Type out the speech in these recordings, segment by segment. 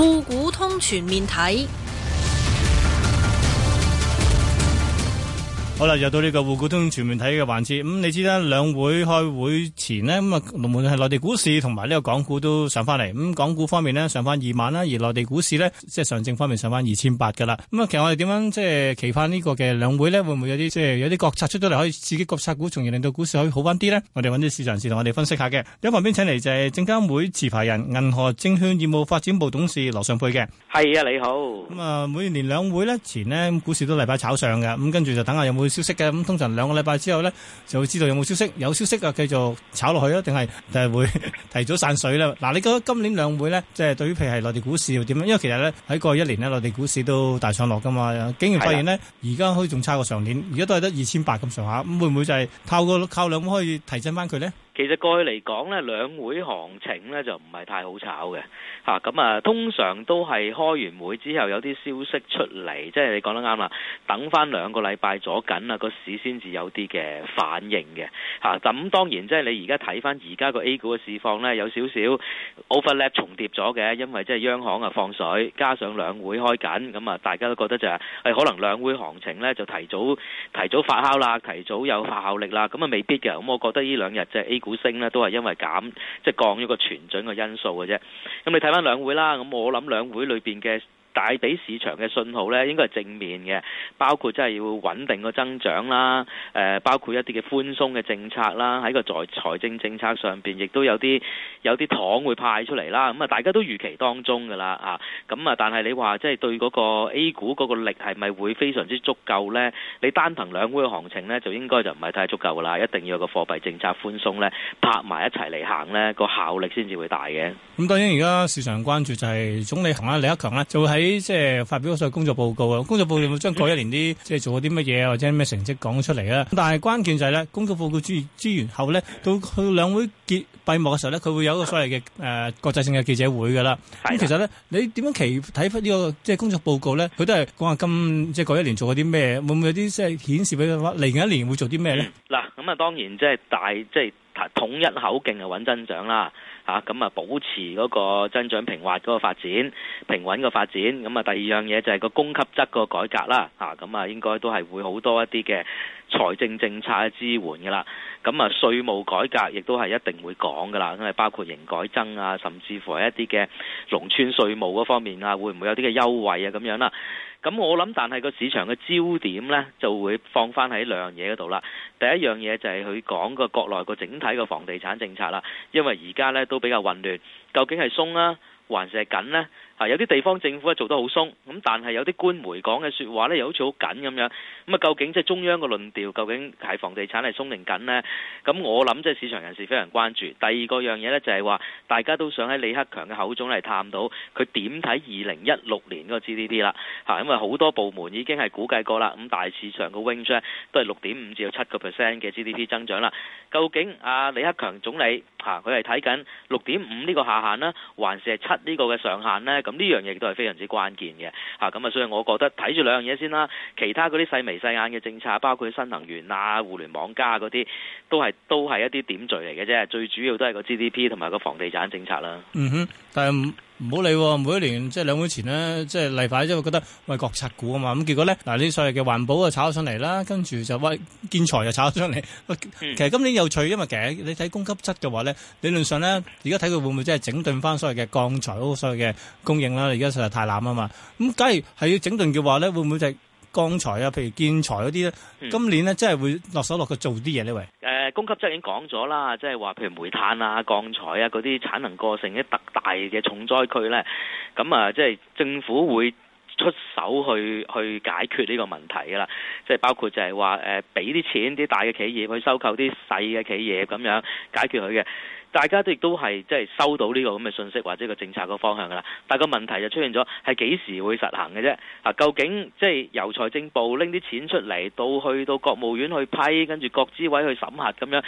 滬股通全面睇。好啦，又到呢個滬股通全面睇嘅環節。咁、嗯、你知啦，兩會開會前呢，咁、嗯、啊，龍門係內地股市同埋呢個港股都上翻嚟。咁、嗯、港股方面呢，上翻二萬啦，而內地股市呢，即係上證方面上翻二千八嘅啦。咁、嗯、啊，其實我哋點樣即係期盼呢個嘅兩會呢？會唔會有啲即係有啲國策出咗嚟，可以刺激國策股，從而令到股市可以好翻啲呢？我哋揾啲市場人士同我哋分析下嘅。喺旁邊請嚟就係證監會持牌人、銀河證券業務發展部董事羅尚沛嘅。係啊，你好。咁啊、嗯嗯，每年兩會呢，前呢、嗯、股市都例牌炒上嘅。咁跟住就等下有冇消息嘅。咁通常兩個禮拜之後咧，就會知道有冇消息。有消息啊，繼續炒落去啊，定係定係會提早散水咧？嗱，你覺得今年兩會咧，即係對於譬如係內地股市又點啊？因為其實咧，喺過去一年咧，內地股市都大上落噶嘛，竟然發現咧，而家可以仲差過上年，而家都係得二千八咁上下，咁會唔會就係透過靠兩會可以提振翻佢咧？其實過去嚟講呢，兩會行情呢就唔係太好炒嘅。吓、啊、咁啊，通常都係開完會之後有啲消息出嚟，即係你講得啱啦，等翻兩個禮拜咗緊啊，個市先至有啲嘅反應嘅，吓，咁當然即係你而家睇翻而家個 A 股嘅市況呢，有少少 overlap 重疊咗嘅，因為即係央行啊放水，加上兩會開緊，咁啊大家都覺得就係、是哎、可能兩會行情呢就提早提早發酵啦，提早有發效力啦，咁啊未必嘅，咁我覺得呢兩日即係 A 股。升咧都係因為減，即係降咗個存準嘅因素嘅啫。咁你睇翻兩會啦，咁我諗兩會裏邊嘅。帶俾市場嘅信號呢，應該係正面嘅，包括即係要穩定個增長啦，誒、呃，包括一啲嘅寬鬆嘅政策啦，喺個財財政政策上邊，亦都有啲有啲糖會派出嚟啦。咁、嗯、啊，大家都預期當中㗎啦啊。咁啊，但係你話即係對嗰個 A 股嗰個力係咪會非常之足夠呢？你單憑兩會嘅行情呢，就應該就唔係太足夠㗎啦。一定要有一個貨幣政策寬鬆呢，拍埋一齊嚟行呢個效力先至會大嘅。咁當然而家市場關注就係總理行，李克強呢你即係發表嗰份工作報告啊！工作報告有冇將過一年啲、嗯、即係做過啲乜嘢或者咩成績講出嚟啊？但係關鍵就係、是、咧，工作報告之之後咧，到去兩會結閉幕嘅時候咧，佢會有一個所謂嘅誒、呃、國際性嘅記者會㗎啦。咁、嗯、其實咧，嗯、你點樣期睇翻呢個即係工作報告咧？佢都係講下今即係過一年做過啲咩？會唔會有啲即係顯示俾佢，話嚟緊一年會做啲咩咧？嗱、嗯，咁啊當然即係大即係、就是、統一口徑係揾增長啦。嚇咁啊，保持嗰個增長平滑嗰個發展，平穩個發展。咁啊，第二樣嘢就係個供給側個改革啦。咁啊，應該都係會好多一啲嘅財政政策嘅支援噶啦。咁啊，稅務改革亦都係一定會講噶啦，因為包括營改增啊，甚至乎一啲嘅農村稅務嗰方面啊，會唔會有啲嘅優惠啊咁樣啦？咁我諗，但係個市場嘅焦點咧，就會放翻喺兩樣嘢嗰度啦。第一樣嘢就係佢講個國內個整體嘅房地產政策啦，因為而家咧都比較混亂，究竟係鬆啦，還是係緊咧？有啲地方政府咧做得好鬆，咁但係有啲官媒講嘅說話咧又好似好緊咁樣。咁啊，究竟即係中央嘅論調究竟係房地產係鬆定緊呢？咁我諗即係市場人士非常關注。第二個樣嘢咧就係話，大家都想喺李克強嘅口中嚟探到佢點睇二零一六年嗰個 GDP 啦。嚇，因為好多部門已經係估計過啦，咁大市場嘅 range 都係六點五至到七個 percent 嘅 GDP 增長啦。究竟啊，李克強總理嚇佢係睇緊六點五呢個下限啦，還是係七呢個嘅上限呢？咁呢樣嘢都係非常之關鍵嘅，吓。咁啊，所以我覺得睇住兩樣嘢先啦，其他嗰啲細眉細眼嘅政策，包括新能源啊、互聯網加嗰啲，都係都係一啲點綴嚟嘅啫，最主要都係個 GDP 同埋個房地產政策啦。嗯哼，但係唔好理喎，每一年即係兩會前呢，即係例牌，即係會覺得喂國策股啊嘛，咁結果咧嗱呢所謂嘅環保啊，炒咗上嚟啦，跟住就喂建材又炒咗上嚟。嗯、其實今年有趣，因為其實你睇供給側嘅話咧，理論上咧，而家睇佢會唔會即係整頓翻所謂嘅鋼材嗰個所謂嘅供應啦？而家實在太濫啊嘛。咁假如係要整頓嘅話咧，會唔會就係鋼材啊，譬如建材嗰啲咧，今年咧真係會落手落腳做啲嘢呢？喂。嗯供給側已經講咗啦，即係話譬如煤炭啊、鋼材啊嗰啲產能過剩、啲特大嘅重災區呢。咁啊，即係政府會出手去去解決呢個問題噶啦，即係包括就係話誒，俾啲錢啲大嘅企業去收購啲細嘅企業，咁樣解決佢嘅。大家都亦都係即係收到呢個咁嘅信息或者個政策個方向㗎啦，但個問題就出現咗係幾時會實行嘅啫。啊，究竟即係由財政部拎啲錢出嚟，到去到國務院去批，跟住國資委去審核咁樣，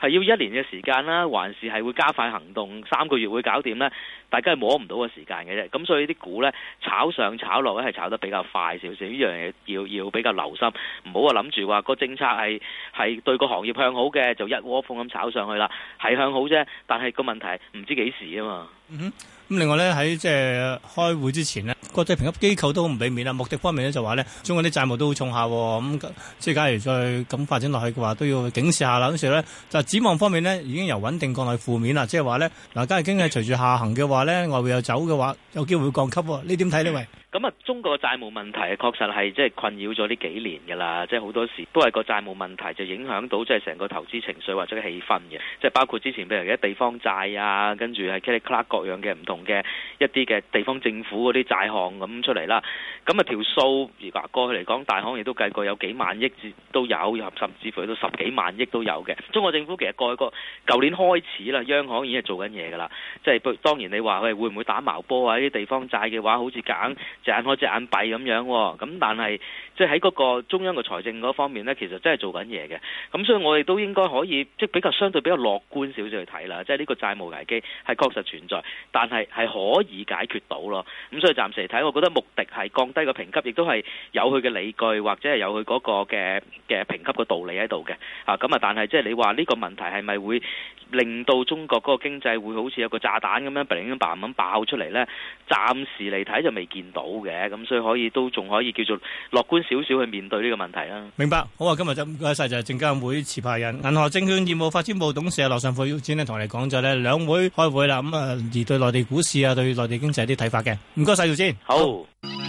係要一年嘅時間啦，還是係會加快行動，三個月會搞掂呢？大家係摸唔到個時間嘅啫。咁所以啲股呢，炒上炒落咧係炒得比較快少少，呢樣嘢要要比較留心，唔好話諗住話個政策係係對個行業向好嘅就一窩蜂咁炒上去啦，係向好啫。但係個問題唔知幾時啊嘛。嗯哼，咁另外咧喺即係開會之前呢，國際評級機構都唔俾面啦。穆迪方面咧就話咧，中國啲債務都好重下、哦，咁、嗯、即係假如再咁發展落去嘅話，都要警示下啦。跟住咧就展望方面咧，已經由穩定降去負面啦。即係話咧，嗱，今日經濟隨住下行嘅話咧，外匯又走嘅話，有機會降級、哦。你點睇呢喂？咁啊，中國嘅債務問題確實係即係困擾咗呢幾年㗎啦，即係好多時都係個債務問題就影響到即係成個投資情緒或者氣氛嘅，即係包括之前譬如一啲地方債啊，跟住係噼里啪啦各樣嘅唔同嘅一啲嘅地方政府嗰啲債項咁出嚟啦。咁啊條數，而家過去嚟講，大行亦都計過有幾萬億至都有，甚至乎去到十幾萬億都有嘅。中國政府其實過去個舊年開始啦，央行已經係做緊嘢㗎啦。即係當然你話佢會唔會打茅波啊？啲地方債嘅話，好似夾隻眼開隻眼閉咁樣喎、哦，咁但係即係喺嗰個中央嘅財政嗰方面呢，其實真係做緊嘢嘅。咁所以我哋都應該可以即係比較相對比較樂觀少少去睇啦。即係呢個債務危機係確實存在，但係係可以解決到咯。咁所以暫時嚟睇，我覺得目的係降低個評級，亦都係有佢嘅理據，或者係有佢嗰個嘅嘅評級嘅道理喺度嘅。啊，咁啊，但係即係你話呢個問題係咪會令到中國嗰個經濟會好似有個炸彈咁樣，突然間爆出嚟呢？暫時嚟睇就未見到。好嘅，咁、嗯、所以可以都仲可以叫做樂觀少少去面對呢個問題啦、啊。明白，好啊，今日就唔該晒，就係證監會持牌人，銀河證券業務發展部董事羅尚沛要先生咧，同我哋講咗咧兩會開會啦，咁、嗯、啊而對內地股市啊，對內地經濟有啲睇法嘅，唔該晒，姚先，好。好